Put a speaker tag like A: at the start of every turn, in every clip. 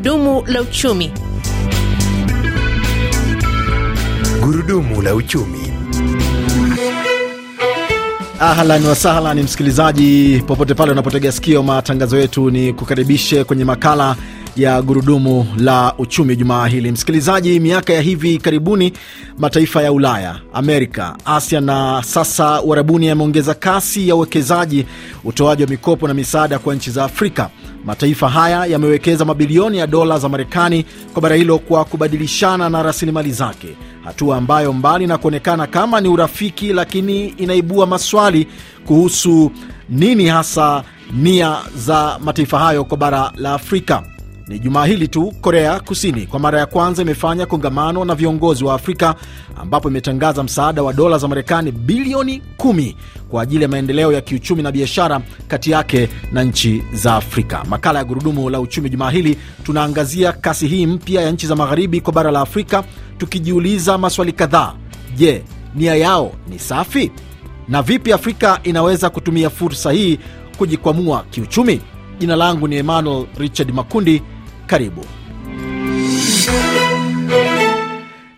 A: Gurudumu la uchumi. Gurudumu
B: la uchumi. Ahlan wasahlan, msikilizaji popote pale unapotegea sikio matangazo yetu, ni kukaribishe kwenye makala ya gurudumu la uchumi jumaa hili. Msikilizaji, miaka ya hivi karibuni mataifa ya Ulaya, Amerika, Asia na sasa Uarabuni yameongeza kasi ya uwekezaji, utoaji wa mikopo na misaada kwa nchi za Afrika. Mataifa haya yamewekeza mabilioni ya dola za Marekani kwa bara hilo kwa kubadilishana na rasilimali zake, hatua ambayo mbali na kuonekana kama ni urafiki, lakini inaibua maswali kuhusu nini hasa nia za mataifa hayo kwa bara la Afrika. Ni jumaa hili tu Korea Kusini kwa mara ya kwanza imefanya kongamano na viongozi wa Afrika ambapo imetangaza msaada wa dola za Marekani bilioni 10 kwa ajili ya maendeleo ya kiuchumi na biashara kati yake na nchi za Afrika. Makala ya Gurudumu la Uchumi jumaa hili tunaangazia kasi hii mpya ya nchi za magharibi kwa bara la Afrika, tukijiuliza maswali kadhaa. Je, nia yao ni safi? Na vipi Afrika inaweza kutumia fursa hii kujikwamua kiuchumi? Jina langu ni Emmanuel Richard Makundi. Karibu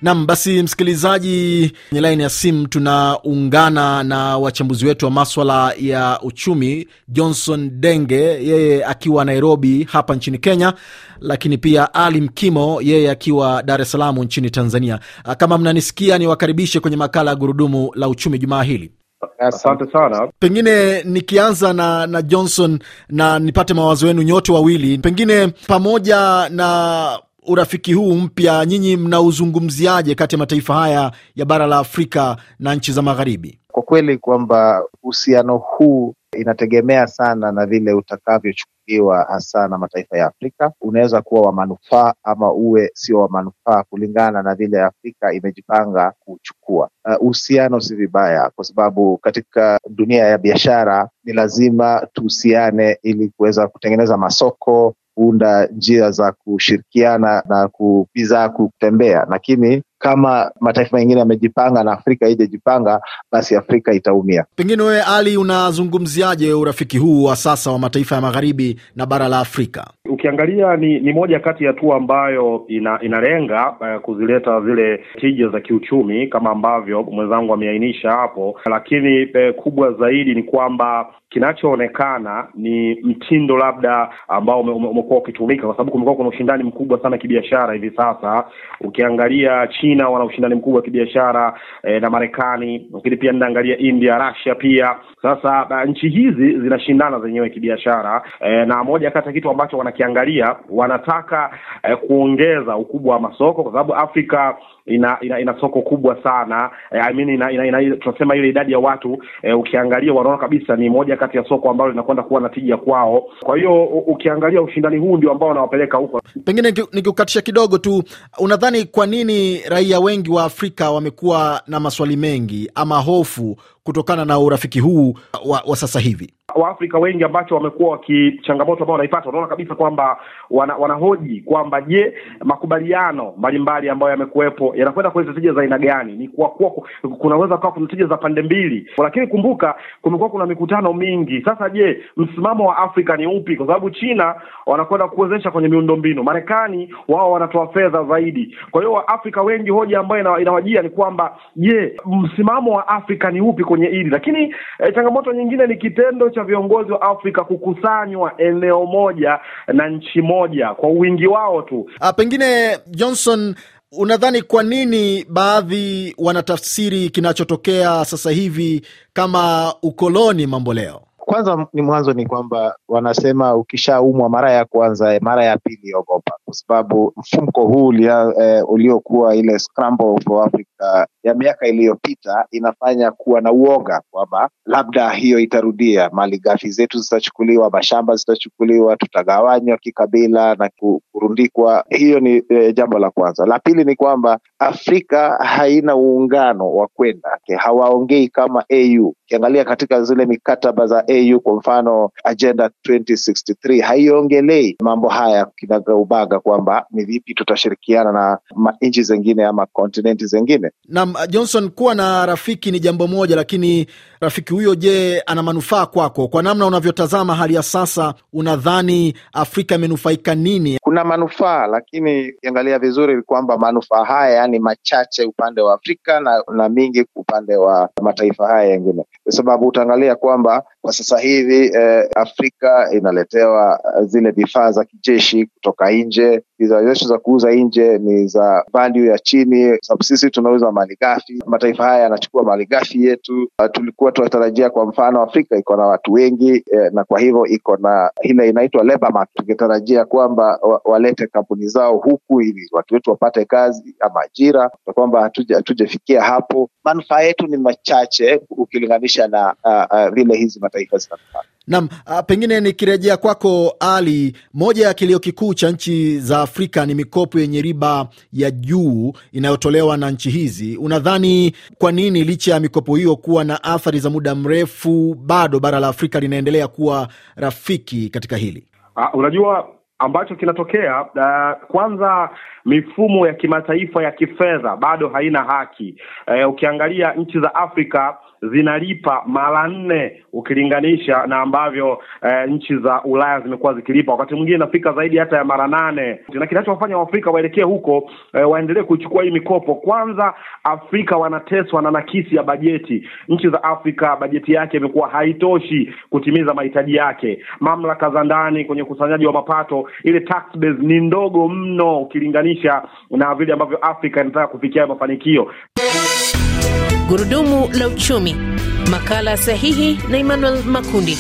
B: nam. Basi msikilizaji, kwenye laini ya simu tunaungana na wachambuzi wetu wa maswala ya uchumi, Johnson Denge, yeye akiwa Nairobi hapa nchini Kenya, lakini pia Ali Mkimo, yeye akiwa Dar es salamu nchini Tanzania. Kama mnanisikia, niwakaribishe kwenye makala ya gurudumu la uchumi jumaa hili.
A: Asante sana.
B: Pengine nikianza na, na Johnson na nipate mawazo yenu nyote wawili, pengine pamoja na urafiki huu mpya, nyinyi mnauzungumziaje kati ya mataifa haya ya bara la Afrika na nchi za Magharibi?
C: Kwa kweli kwamba uhusiano huu inategemea sana na vile utakavyochukuliwa hasa na mataifa ya Afrika. Unaweza kuwa wa manufaa ama uwe sio wa manufaa, kulingana na vile Afrika imejipanga kuchukua uh, uhusiano. Si vibaya, kwa sababu katika dunia ya biashara ni lazima tuhusiane ili kuweza kutengeneza masoko kuunda njia za kushirikiana na bidhaa kutembea, lakini kama mataifa mengine yamejipanga na Afrika haijajipanga, basi Afrika itaumia.
B: Pengine wewe Ali, unazungumziaje urafiki huu wa sasa wa mataifa ya magharibi na bara la Afrika?
A: Ukiangalia ni, ni moja kati ya hatua ambayo ina, inalenga uh, kuzileta zile tija za kiuchumi kama ambavyo mwenzangu ameainisha hapo, lakini uh, kubwa zaidi ni kwamba kinachoonekana ni mtindo labda ambao umekuwa ukitumika, kwa sababu kumekuwa kuna ushindani mkubwa sana kibiashara hivi sasa. Ukiangalia China China wana ushindani mkubwa wa kibiashara e, na Marekani, lakini pia ninaangalia India, Russia pia. Sasa uh, nchi hizi zinashindana zenyewe kibiashara e, na moja kati ya kitu ambacho wanakiangalia wanataka e, kuongeza ukubwa wa masoko kwa sababu Afrika ina, ina ina soko kubwa sana e, I mean ina, ina, ina, tunasema ile idadi ya watu e, ukiangalia wanaona kabisa ni moja kati ya soko ambalo linakwenda kuwa na tija kwao. Kwa hiyo ukiangalia ushindani huu ndio ambao wanawapeleka huko.
B: Pengine nikikukatisha kidogo tu, unadhani kwa nini ra raia wengi wa Afrika wamekuwa na maswali mengi ama hofu kutokana na urafiki huu wa, wa sasa hivi?
A: Waafrika wengi ambacho wamekuwa wakichangamoto ambao wanaipata, wanaona kabisa kwamba wana, wanahoji kwamba je, makubaliano mbalimbali ambayo yamekuwepo yanakwenda kuleta tija za aina gani? Ni kwa kuwa kunaweza kuwa kuna tija za pande mbili, lakini kumbuka kumekuwa kuna mikutano mingi. Sasa je, msimamo wa Afrika ni upi? Kwa sababu China wanakwenda kuwezesha kwenye miundo mbinu Marekani wao wanatoa fedha zaidi. Kwa hiyo Waafrika wengi hoja ambayo inawajia ni kwamba je, msimamo wa Afrika ni upi kwenye kwenye hili, lakini e, changamoto nyingine ni kitendo cha viongozi wa Afrika kukusanywa eneo moja na nchi moja kwa wingi
B: wao tu. A, ah, pengine Johnson Unadhani kwa nini baadhi wanatafsiri kinachotokea sasa hivi kama ukoloni mambo leo?
C: Kwanza ni mwanzo ni kwamba wanasema ukishaumwa mara ya kwanza, mara ya pili ogopa kwa sababu mfumko huu eh, uliokuwa ile scramble for Africa ya miaka iliyopita inafanya kuwa na uoga kwamba labda hiyo itarudia, mali ghafi zetu zitachukuliwa, mashamba zitachukuliwa, tutagawanywa kikabila na kurundikwa. Hiyo ni eh, jambo la kwanza. La pili ni kwamba Afrika haina uungano wa kwenda, hawaongei kama AU. Ukiangalia katika zile mikataba za AU, kwa mfano Agenda 2063 haiongelei mambo haya kinagaubaga kwamba ni vipi tutashirikiana na nchi zengine ama kontinenti zengine
B: Naam, Johnson, kuwa na rafiki ni jambo moja, lakini rafiki huyo, je, ana manufaa kwako? Kwa namna unavyotazama hali ya sasa, unadhani Afrika imenufaika nini? Kuna manufaa,
C: lakini ukiangalia vizuri kwamba manufaa haya yani machache upande wa Afrika na, na mingi upande wa mataifa haya yengine, kwa sababu utaangalia kwamba kwa sasa hivi eh, Afrika inaletewa eh, zile vifaa za kijeshi kutoka nje bidhaa zetu za kuuza nje ni za value ya chini, sababu sisi tunauza malighafi. Mataifa haya yanachukua malighafi yetu. Ah, tulikuwa tunatarajia kwa mfano Afrika iko na watu wengi eh, na kwa hivyo iko na ile inaitwa labor market. Tungetarajia kwamba walete kampuni zao huku ili watu wetu wapate kazi ama ajira, na kwamba hatujafikia hapo. Manufaa yetu ni machache ukilinganisha na uh, uh, vile hizi mataifa zinafanya.
B: Nam, ah, pengine nikirejea kwako Ali, moja ya kilio kikuu cha nchi za Afrika ni mikopo yenye riba ya juu inayotolewa na nchi hizi. Unadhani kwa nini licha ya mikopo hiyo kuwa na athari za muda mrefu bado bara la Afrika linaendelea kuwa rafiki katika hili?
A: Uh, unajua ambacho kinatokea uh, kwanza mifumo ya kimataifa ya kifedha bado haina haki. Uh, ukiangalia nchi za Afrika zinalipa mara nne ukilinganisha na ambavyo e, nchi za Ulaya zimekuwa zikilipa, wakati mwingine inafika zaidi hata ya mara nane, na kinachowafanya Waafrika waelekee huko e, waendelee kuchukua hii mikopo. Kwanza Afrika wanateswa na nakisi ya bajeti. Nchi za Afrika bajeti yake imekuwa haitoshi kutimiza mahitaji yake. Mamlaka za ndani kwenye ukusanyaji wa mapato ile tax base ni ndogo mno ukilinganisha na vile ambavyo Afrika inataka kufikia mafanikio. Gurudumu la uchumi, makala sahihi na Emmanuel Makundi.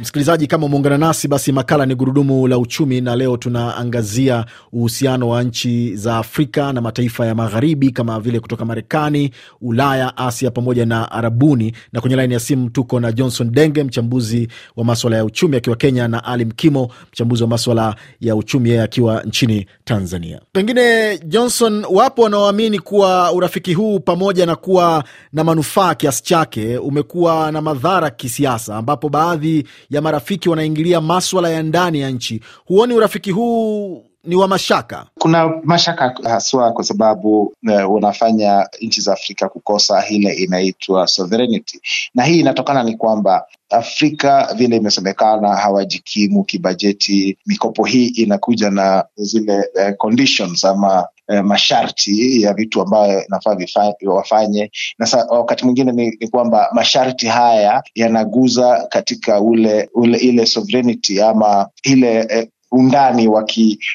B: Msikilizaji, kama umeungana nasi, basi makala ni gurudumu la uchumi, na leo tunaangazia uhusiano wa nchi za Afrika na mataifa ya magharibi kama vile kutoka Marekani, Ulaya, Asia pamoja na Arabuni. Na kwenye laini ya simu tuko na Johnson Denge, mchambuzi wa maswala ya uchumi akiwa Kenya, na Ali Mkimo, mchambuzi wa maswala ya uchumi yeye akiwa nchini Tanzania. Pengine Johnson, wapo wanaoamini kuwa urafiki huu pamoja na kuwa na manufaa kiasi chake umekuwa na madhara kisiasa, ambapo baadhi ya marafiki wanaingilia maswala ya ndani ya nchi. Huoni urafiki
C: huu ni wa mashaka. Kuna mashaka haswa kwa sababu uh, eh, unafanya nchi za Afrika kukosa ile inaitwa sovereignty, na hii inatokana ni kwamba Afrika vile imesemekana hawajikimu kibajeti. Mikopo hii inakuja na zile uh, conditions ama E, masharti ya vitu ambayo inafaa wafanye, na wakati mwingine ni, ni kwamba masharti haya yanaguza katika ule, ule ile sovereignty ama ile e, undani wa,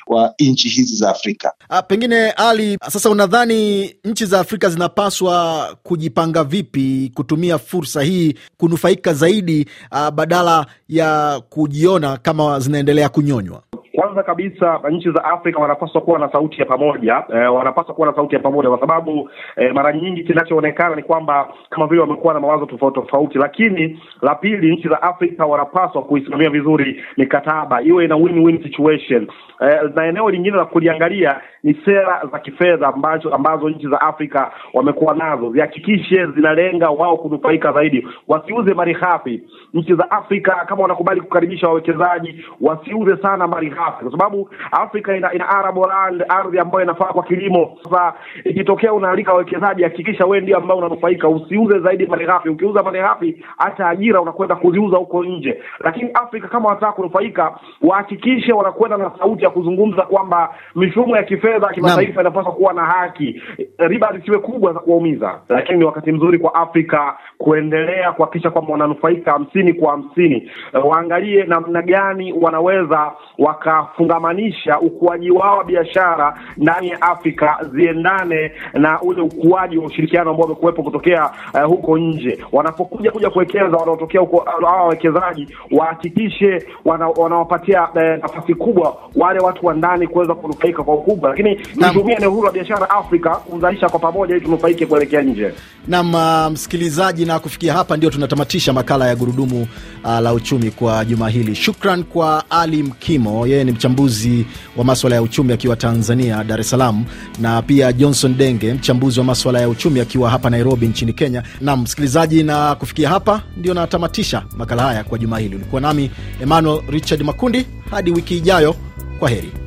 C: wa nchi hizi za Afrika.
B: A, ah, pengine Ali, sasa unadhani nchi za Afrika zinapaswa kujipanga vipi kutumia fursa hii kunufaika zaidi a, ah, badala ya kujiona kama zinaendelea kunyonywa?
A: Kwanza kabisa nchi za Afrika wanapaswa kuwa na sauti ya pamoja e, wanapaswa kuwa na sauti ya pamoja kwa sababu e, mara nyingi kinachoonekana ni kwamba kama vile wamekuwa na mawazo tofauti tofauti. Lakini la pili, nchi za Afrika wanapaswa kuisimamia vizuri mikataba iwe ina win-win situation e, na eneo lingine la kuliangalia ni sera za kifedha ambazo, ambazo nchi za Afrika wamekuwa nazo zihakikishe zinalenga wao kunufaika zaidi, wasiuze mali ghafi. Nchi za Afrika kama wanakubali kukaribisha wawekezaji, wasiuze sana mali ghafi, kwa sababu Afrika ina, ina arable land, ardhi ambayo inafaa kwa kilimo. Sasa ikitokea unaalika wawekezaji, hakikisha wewe ndio ambao unanufaika, usiuze zaidi mali ghafi. Ukiuza mali ghafi, hata ajira unakwenda kuziuza huko nje. Lakini Afrika kama wanataka kunufaika, wahakikishe wanakwenda na sauti ya kuzungumza kwamba mifumo ya kifedha fedha kimataifa inapaswa kuwa na haki, riba zisiwe kubwa za kuwaumiza, lakini ni wakati mzuri kwa Afrika kuendelea kuhakikisha kwamba wananufaika hamsini kwa hamsini. Eh, waangalie namna gani wanaweza wakafungamanisha ukuaji wao wa biashara ndani ya Afrika ziendane na ule ukuaji wa ushirikiano ambao wamekuwepo kutokea uh, huko nje. Wanapokuja kuja kuwekeza wanaotokea huko eh, hawa wawekezaji wahakikishe wanawapatia wana uh, nafasi kubwa wale watu wa ndani kuweza kunufaika kwa ukubwa, lakini lakini itumie na uhuru wa biashara Afrika kuzalisha kwa pamoja ili tunufaike kuelekea nje.
B: Naam, uh, msikilizaji, na kufikia hapa ndio tunatamatisha makala ya gurudumu uh, la uchumi kwa juma hili. Shukran kwa Ali Mkimo, yeye ni mchambuzi wa maswala ya uchumi akiwa Tanzania, Dar es Salaam, na pia Johnson Denge, mchambuzi wa maswala ya uchumi akiwa hapa Nairobi nchini Kenya. Naam, msikilizaji, na kufikia hapa ndio natamatisha makala haya kwa juma hili. Ulikuwa nami Emmanuel Richard Makundi, hadi wiki ijayo, kwa heri.